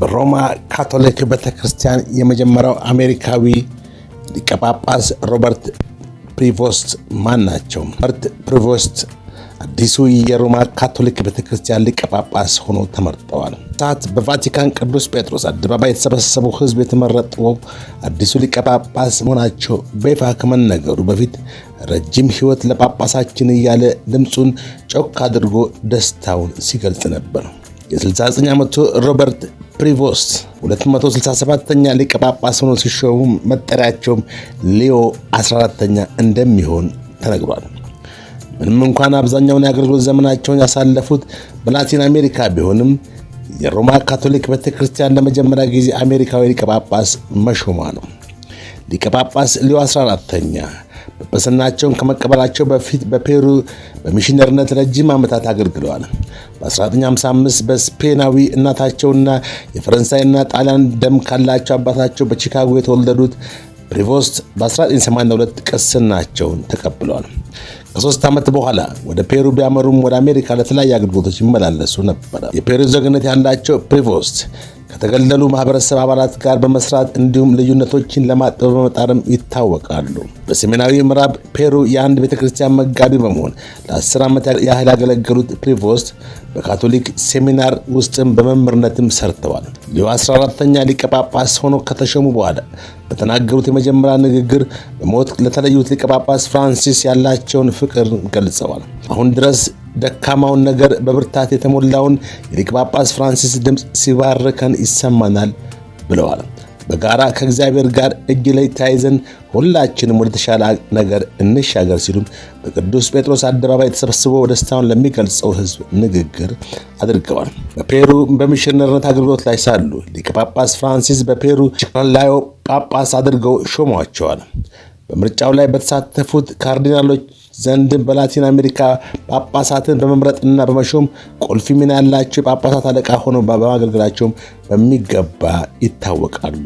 በሮማ ካቶሊክ ቤተ ክርስቲያን የመጀመሪያው አሜሪካዊ ሊቀ ጳጳስ ሮበርት ፕሪቮስት ማን ናቸው? ሮበርት ፕሪቮስት አዲሱ የሮማ ካቶሊክ ቤተ ክርስቲያን ሊቀ ጳጳስ ሆኖ ተመርጠዋል። ሰዓት በቫቲካን ቅዱስ ጴጥሮስ አደባባይ የተሰበሰበው ሕዝብ የተመረጡ አዲሱ ሊቀ ጳጳስ መሆናቸው በይፋ ከመነገሩ በፊት ረጅም ሕይወት ለጳጳሳችን እያለ ድምፁን ጮክ አድርጎ ደስታውን ሲገልጽ ነበር። የ69 ዓመቱ ሮበርት ፕሪቮስት 267ኛ ሊቀ ጳጳስ ሆኖ ሲሾሙ መጠሪያቸውም ሊዮ 14ተኛ እንደሚሆን ተነግሯል። ምንም እንኳን አብዛኛውን የአገልግሎት ዘመናቸውን ያሳለፉት በላቲን አሜሪካ ቢሆንም የሮማ ካቶሊክ ቤተ ክርስቲያን ለመጀመሪያ ጊዜ አሜሪካዊ ሊቀ ጳጳስ መሾሟ ነው። ሊቀ ጳጳስ ሊዮ 14ተኛ ጵጵስናቸውን ከመቀበላቸው በፊት በፔሩ በሚሽነርነት ረጅም ዓመታት አገልግለዋል። በ1955 በስፔናዊ እናታቸውና የፈረንሳይና ጣሊያን ደም ካላቸው አባታቸው በቺካጎ የተወለዱት ፕሪቮስት በ1982 ቅስናቸውን ተቀብለዋል። ከሶስት ዓመት በኋላ ወደ ፔሩ ቢያመሩም ወደ አሜሪካ ለተለያዩ አገልግሎቶች ይመላለሱ ነበረ። የፔሩ ዜግነት ያላቸው ፕሪቮስት ከተገለሉ ማህበረሰብ አባላት ጋር በመስራት እንዲሁም ልዩነቶችን ለማጥበብ በመጣርም ይታወቃሉ። በሰሜናዊ ምዕራብ ፔሩ የአንድ ቤተክርስቲያን መጋቢ በመሆን ለአስር ዓመት ያህል ያገለገሉት ፕሪቮስት በካቶሊክ ሴሚናር ውስጥም በመምህርነትም ሰርተዋል። ሊዮ 14ተኛ ሊቀ ጳጳስ ሆኖ ከተሸሙ በኋላ በተናገሩት የመጀመሪያ ንግግር በሞት ለተለዩት ሊቀ ጳጳስ ፍራንሲስ ያላቸውን ፍቅር ገልጸዋል። አሁን ድረስ ደካማውን ነገር በብርታት የተሞላውን የሊቀ ጳጳስ ፍራንሲስ ድምፅ ሲባርከን ይሰማናል ብለዋል። በጋራ ከእግዚአብሔር ጋር እጅ ላይ ተያይዘን ሁላችንም ወደ ተሻለ ነገር እንሻገር ሲሉም በቅዱስ ጴጥሮስ አደባባይ ተሰብስቦ ደስታውን ለሚገልጸው ሕዝብ ንግግር አድርገዋል። በፔሩ በሚሽነርነት አገልግሎት ላይ ሳሉ ሊቀ ጳጳስ ፍራንሲስ በፔሩ ችላዮ ጳጳስ አድርገው ሾመዋቸዋል። በምርጫው ላይ በተሳተፉት ካርዲናሎች ዘንድም በላቲን አሜሪካ ጳጳሳትን በመምረጥና በመሾም ቁልፍ ሚና ያላቸው የጳጳሳት አለቃ ሆኖ በማገልገላቸውም በሚገባ ይታወቃሉ።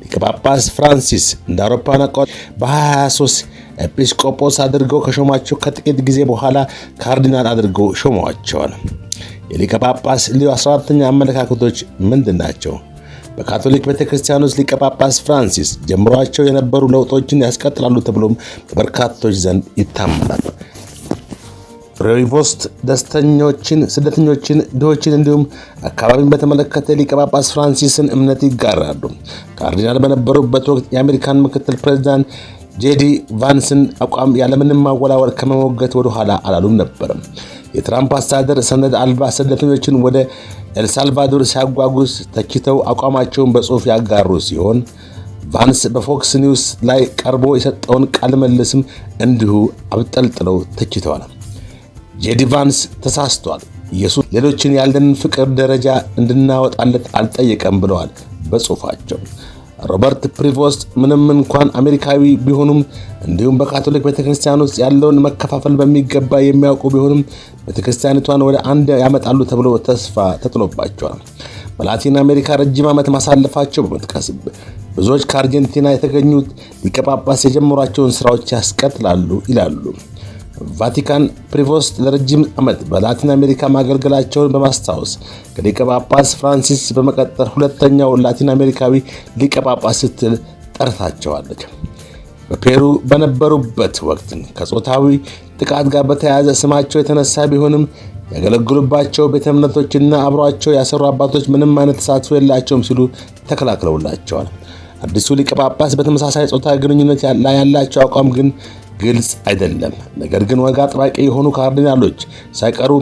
ሊቀ ጳጳስ ፍራንሲስ እንደ አውሮፓውያን አቆጣጠር በ2023 ኤጲስቆጶስ አድርገው ከሾማቸው ከጥቂት ጊዜ በኋላ ካርዲናል አድርገው ሾመዋቸዋል። የሊቀ ጳጳስ ሊዮ 14ኛ አመለካከቶች ምንድን ናቸው? በካቶሊክ ቤተክርስቲያን ውስጥ ሊቀ ጳጳስ ፍራንሲስ ጀምሯቸው የነበሩ ለውጦችን ያስቀጥላሉ ተብሎም በርካቶች ዘንድ ይታመናል። ፕሬሪቮስት ደስተኞችን፣ ስደተኞችን፣ ድሆችን እንዲሁም አካባቢን በተመለከተ ሊቀ ጳጳስ ፍራንሲስን እምነት ይጋራሉ። ካርዲናል በነበሩበት ወቅት የአሜሪካን ምክትል ፕሬዚዳንት ጄዲ ቫንስን አቋም ያለምንም ማወላወል ከመሞገት ወደኋላ አላሉም ነበርም። የትራምፕ አስተዳደር ሰነድ አልባ ስደተኞችን ወደ ኤልሳልቫዶር ሲያጓጉዝ ተችተው አቋማቸውን በጽሑፍ ያጋሩ ሲሆን ቫንስ በፎክስ ኒውስ ላይ ቀርቦ የሰጠውን ቃለ መልስም እንዲሁ አብጠልጥለው ተችተዋል። ጄዲ ቫንስ ተሳስቷል፣ ኢየሱስ ሌሎችን ያለንን ፍቅር ደረጃ እንድናወጣለት አልጠየቀም ብለዋል በጽሑፋቸው። ሮበርት ፕሪቮስት ምንም እንኳን አሜሪካዊ ቢሆኑም እንዲሁም በካቶሊክ ቤተክርስቲያን ውስጥ ያለውን መከፋፈል በሚገባ የሚያውቁ ቢሆንም ቤተክርስቲያኒቷን ወደ አንድ ያመጣሉ ተብሎ ተስፋ ተጥሎባቸዋል። በላቲን አሜሪካ ረጅም ዓመት ማሳለፋቸው በመጥቀስ ብዙዎች ከአርጀንቲና የተገኙት ሊቀጳጳስ የጀመሯቸውን ስራዎች ያስቀጥላሉ ይላሉ። ቫቲካን ፕሪቮስት ለረጅም ዓመት በላቲን አሜሪካ ማገልገላቸውን በማስታወስ ከሊቀ ጳጳስ ፍራንሲስ በመቀጠር ሁለተኛው ላቲን አሜሪካዊ ሊቀ ጳጳስ ስትል ጠርታቸዋለች። በፔሩ በነበሩበት ወቅት ከጾታዊ ጥቃት ጋር በተያያዘ ስማቸው የተነሳ ቢሆንም ያገለግሉባቸው ቤተ እምነቶችና አብሯቸው ያሰሩ አባቶች ምንም አይነት ተሳትፎ የላቸውም ሲሉ ተከላክለውላቸዋል። አዲሱ ሊቀ ጳጳስ በተመሳሳይ ጾታ ግንኙነት ላይ ያላቸው አቋም ግን ግልጽ አይደለም። ነገር ግን ወግ አጥባቂ የሆኑ ካርዲናሎች ሳይቀሩ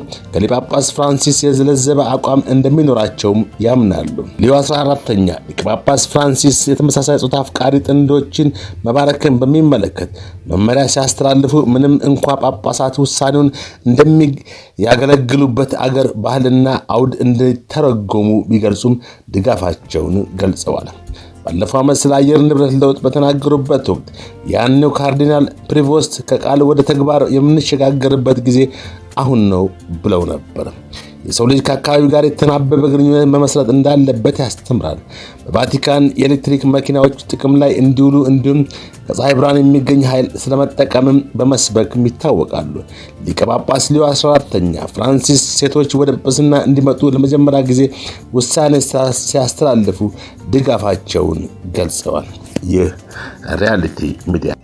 ጳጳስ ፍራንሲስ የዘለዘበ አቋም እንደሚኖራቸውም ያምናሉ። ሊዮ 14ተኛ ሊቀ ጳጳስ ፍራንሲስ የተመሳሳይ ጾታ አፍቃሪ ጥንዶችን መባረክን በሚመለከት መመሪያ ሲያስተላልፉ ምንም እንኳ ጳጳሳት ውሳኔውን እንደሚያገለግሉበት አገር ባህልና አውድ እንደተረጎሙ ቢገልጹም ድጋፋቸውን ገልጸዋል። ባለፈው ዓመት ስለ አየር ንብረት ለውጥ በተናገሩበት ወቅት ያኔው ካርዲናል ፕሪቮስት ከቃል ወደ ተግባር የምንሸጋገርበት ጊዜ አሁን ነው ብለው ነበር። የሰው ልጅ ከአካባቢው ጋር የተናበበ ግንኙነት መመስረት እንዳለበት ያስተምራል። በቫቲካን የኤሌክትሪክ መኪናዎች ጥቅም ላይ እንዲውሉ እንዲሁም ከፀሐይ ብርሃን የሚገኝ ኃይል ስለመጠቀምም በመስበክም ይታወቃሉ። ሊቀ ጳጳስ ሊዮ 14ተኛ ፍራንሲስ ሴቶች ወደ ጵጵስና እንዲመጡ ለመጀመሪያ ጊዜ ውሳኔ ሲያስተላልፉ ድጋፋቸውን ገልጸዋል። ይህ ሪያሊቲ ሚዲያ